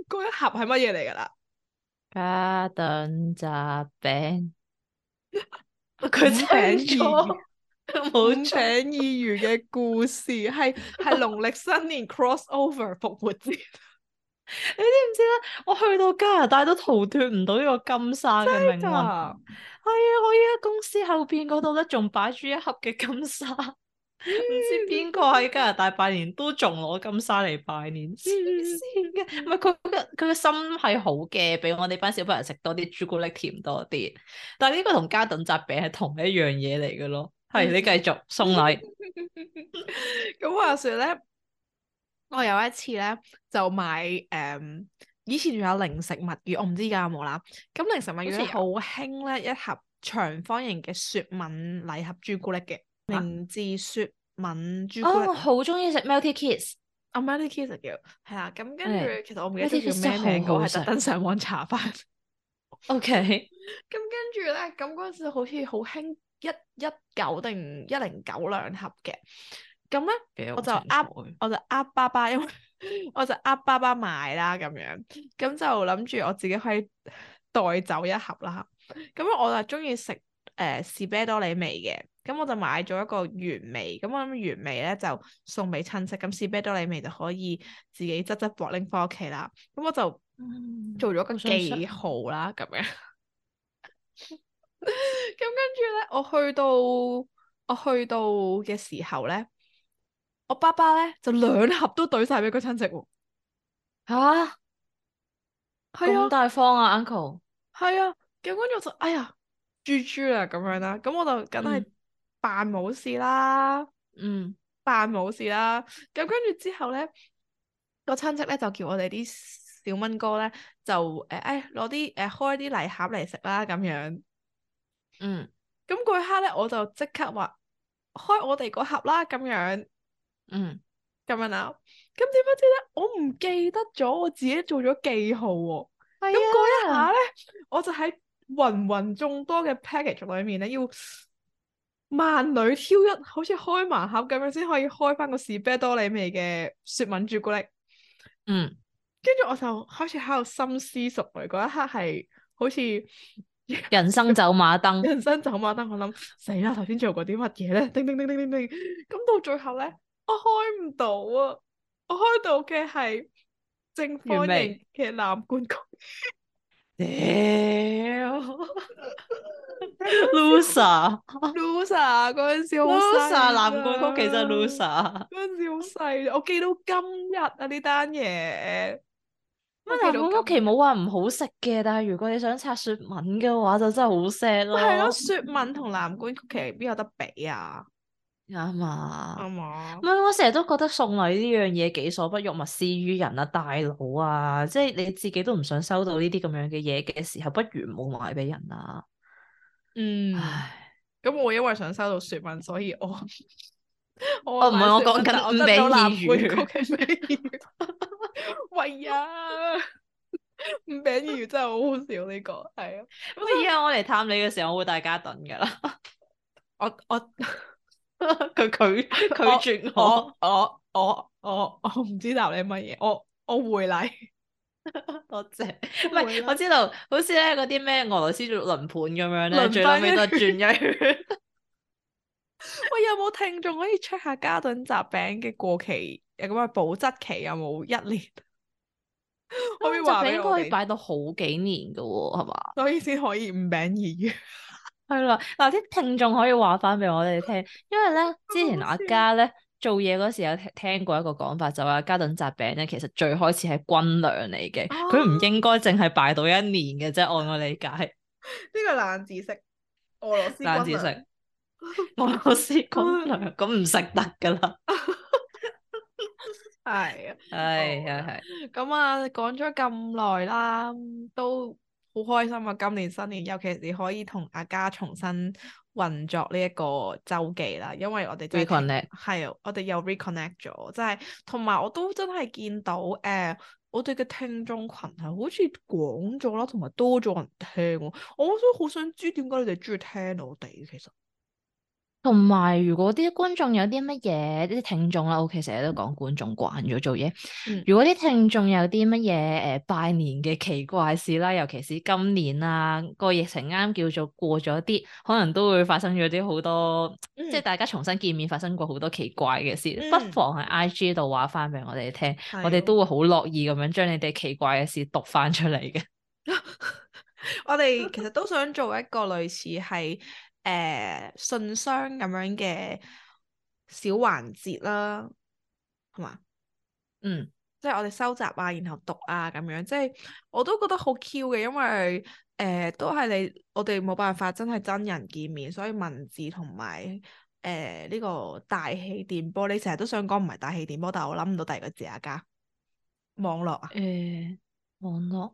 嗰 一盒係乜嘢嚟㗎啦。嘉頓雜餅，佢請咗寓，五餅二魚嘅故事係係農曆新年 cross over 復活節， 你知唔知咧？我去到加拿大都逃脱唔到呢個金沙嘅命運。係啊、 哎，我依家公司後邊嗰度咧，仲擺住一盒嘅金沙。唔知邊個喺加拿大拜年都仲攞金莎嚟拜年，黐線嘅。唔係佢嘅，佢嘅心係好嘅，俾我哋班小朋友食多啲朱古力，甜多啲。但係呢個同嘉頓雜餅係同一樣嘢嚟嘅咯。係，你繼續送禮。咁話說咧，我有一次咧就買誒、嗯，以前仲有零食物語，我唔知而家有冇啦。咁零食物語好興咧，一盒長方形嘅雪吻禮盒朱古力嘅。名字、說文，哦、oh,，我好中意食 Melty Kiss，啊，Melty Kiss 叫，係啊，咁、嗯、跟住，其實我唔記得叫咩名我係特登上網查翻。O K，咁跟住咧，咁嗰陣時好似好興一一九定一零九兩盒嘅，咁、嗯、咧，我就呃我就呃爸爸，因為 我就呃爸爸買啦，咁樣，咁就諗住我自己可以代走一盒啦。咁我就中意食誒士啤多你味嘅。咁我就買咗一個原味，咁我諗原味咧就送俾親戚，咁士多啤梨味就可以自己執執薄拎翻屋企啦。咁我就做咗個記號啦，咁樣。咁跟住咧，我去到我去到嘅時候咧，我爸爸咧就兩盒都懟晒俾個親戚喎。吓？係啊，好大方啊，Uncle。嗯。係啊，咁跟住就哎呀，豬豬啦咁樣啦，咁我就梗係。扮冇事啦，嗯，扮冇事啦。咁跟住之後咧，個親戚咧就叫我哋啲小蚊哥咧，就誒誒攞啲誒開啲禮盒嚟食啦，咁樣。嗯。咁嗰一刻咧，我就即刻話開我哋嗰盒啦，咁樣。嗯。咁樣啦。咁點不知咧，我唔記得咗我自己做咗記號喎。哦。係啊，哎呀。咁一下咧，我就喺芸芸眾多嘅 package 裏面咧要。萬里挑一，好似開盲盒咁樣先可以開翻個士啤多利味嘅雪吻朱古力。嗯，跟住我就開始喺度深思熟慮，嗰一刻係好似 人生走馬燈。人生走馬燈，我諗死啦！頭先做過啲乜嘢咧？叮叮叮叮叮叮，叮，叮，咁到最後咧，我開唔到啊！我開到嘅係正方形嘅藍罐曲。屌味！ Loser，Loser 嗰陣時好細，Loser，藍罐曲奇其實 Loser 嗰陣時好細，我記到今日啊呢單嘢。乜藍罐曲奇其實冇話唔好食嘅，但係如果你想拆雪文嘅話，就真係好 sad 咯。係咯，雪文同藍罐曲奇邊有得比啊？啱、嗯、啊，啱、嗯、啊，唔係、嗯啊、我成日都覺得送禮呢樣嘢，己所不欲，勿施於人啊，大佬啊，即係你自己都唔想收到呢啲咁樣嘅嘢嘅時候，不如唔好買俾人啊。嗯，咁唉、嗯、我因為想收到雪文，所以我我唔係我講緊五餅二我鮮魚，講緊咩魚？喂呀，五餅二魚真係好好笑呢個，係啊。咁而家我嚟探你嘅時候，我會大家等噶啦。我我佢拒拒絕我，我我我我唔知道你乜嘢，我我會嚟。 多謝，唔係非 我知道，好似咧嗰啲咩俄羅斯做輪盤咁樣咧，最尾都係轉一圈。喂，有冇聽眾可以 check 下嘉頓雜餅嘅過期有咁嘅保質期有冇一年？雜餅應該可以擺到好幾年噶喎、哦，係嘛？所以先可以五餅二魚。 係啦，嗱啲聽眾可以話翻俾我哋聽，因為咧之前阿 Ga 咧。 做嘢嗰時候聽過一個講法，就話嘉頓雜餅咧，其實最開始係軍糧嚟嘅，佢唔、哦、應該淨係擺到一年嘅啫。按我理解，呢個、啊、冷知識，俄羅斯軍糧，俄羅斯軍糧咁唔食得噶啦。係啊，係係係。咁啊，講咗咁耐啦，都好開心啊！今年新年，尤其係可以同阿嘉重新。運作呢一個周記啦，因為我哋真係係 Re connect. 我哋又 reconnect 咗，即係同埋我都真係見到誒、呃，我哋嘅聽眾群係好似廣咗啦，同埋多咗人聽。我我都好想知點解你哋中意聽我哋其實。同埋，如果啲觀眾有啲乜嘢，啲聽眾啦，我成日都講觀眾慣咗做嘢。嗯、如果啲聽眾有啲乜嘢，誒、呃、拜年嘅奇怪事啦，尤其是今年啊，個疫情啱啱叫做過咗啲，可能都會發生咗啲好多，嗯、即係大家重新見面發生過好多奇怪嘅事，嗯、不妨喺 I G 度話翻俾我哋聽，嗯、我哋都會好樂意咁樣將你哋奇怪嘅事讀翻出嚟嘅。 我哋其實都想做一個類似係誒信箱咁樣嘅小環節啦，係嘛？嗯， 即係我哋收集啊，然後讀啊咁樣，即係我都覺得好 Q 嘅，因為誒、呃、都係你我哋冇辦法真係真人見面，所以文字同埋誒呢個大氣電波，你成日都想講唔係大氣電波，但係我諗唔到第二個字啊，㗎網絡啊，誒、呃、網絡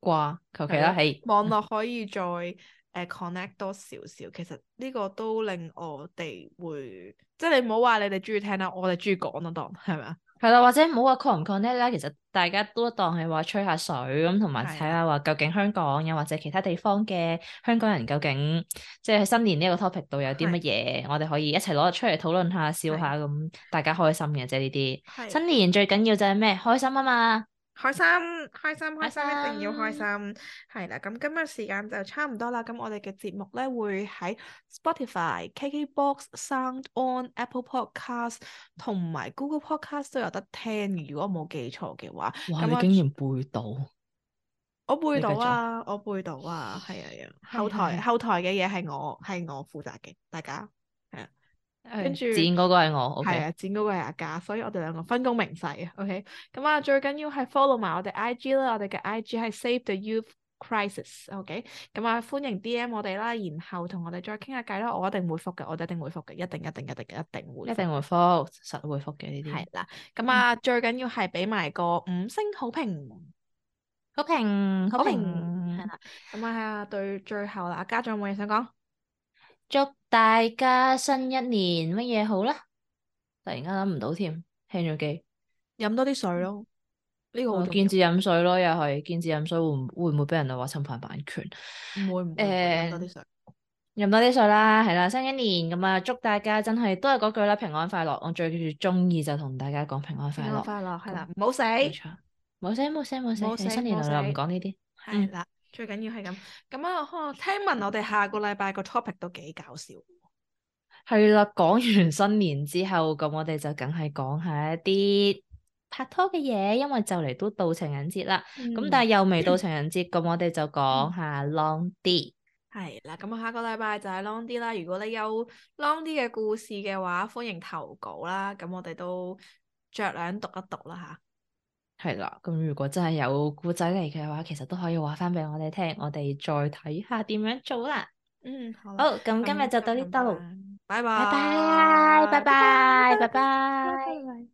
啩，求其啦，係對網絡可以再。 誒 connect 多少少，其實呢個都令我哋會，即係你唔好話你哋中意聽啦，我哋中意講啦，當係咪啊？係啦，或者唔好話 connect 唔 connect 啦，其實大家都當係話吹下水咁，同埋睇下話究竟香港又或者其他地方嘅香港人究竟，即係新年呢個 topic 度有啲乜嘢，是我哋可以一齊攞出嚟討論下、笑下咁，是大家開心嘅啫。呢啲的新年最緊要就係咩？開心啊嘛！開心，開心，開心，一定要開心。係啦心，咁今日時間就差唔多啦。咁我哋嘅節目咧，會喺 Spotify、KKBox、SoundOn、Apple Podcast 同埋 Google Podcast 都有得聽。如果冇記錯嘅話，哇嘩，我你竟然背到？我背到啊，我背到啊，係啊，後台的後台嘅嘢係我係我負責嘅，大家係啊。跟住、嗯、後剪嗰個係我，係、okay. 啊，剪嗰個係阿家，所以我哋兩個分工明細啊。OK，咁啊，最緊要係 follow 埋我哋 I G 啦，我哋嘅 I G 係 Save the Youth Crisis。OK，咁啊，歡迎 D M 我哋啦，然後同我哋再傾下偈啦，我一定會覆嘅，我一定會覆嘅，一定一定一定一定會一定會覆實會覆嘅呢啲係啦。咁啊，嗯、最緊要係俾埋個五星好評，好評，好評評。係啦，咁啊，對最後啦，家長有冇嘢想講？祝大家新一年乜嘢好啦！突然間諗唔到添，聽咗機，飲多啲水咯。呢、這個唔見字飲水咯，又係見字飲水，會會唔會俾人哋話侵犯版權？唔會唔會。誒、呃，飲多啲水，飲多啲水啦，係啦，新一年咁啊，祝大家真係都係嗰句啦，平安快樂。我最中意就同大家講平安快樂，平安快樂係啦，唔好死，冇死，冇死冇死冇死，死死死，新年就唔講呢啲，係啦死。嗯最緊要係咁，咁啊，聽聞我哋下個禮拜個 topic 都幾搞笑。係啦，講完新年之後，咁我哋就梗係講下一啲拍拖嘅嘢，因為就嚟都到情人節啦。咁、嗯、但係又未到情人節，咁我哋就講下 long D。係啦，咁啊，下個禮拜就係 long D 啦。如果你有 long D 嘅故事嘅話，歡迎投稿啦。咁我哋都着兩讀一讀啦吓。係啦，咁如果真係有故仔嚟嘅話，其實都可以話翻俾我哋聽，我哋再睇下點樣做啦。嗯。嗯，好，咁今日就到呢度，拜拜，拜拜，拜拜，拜拜。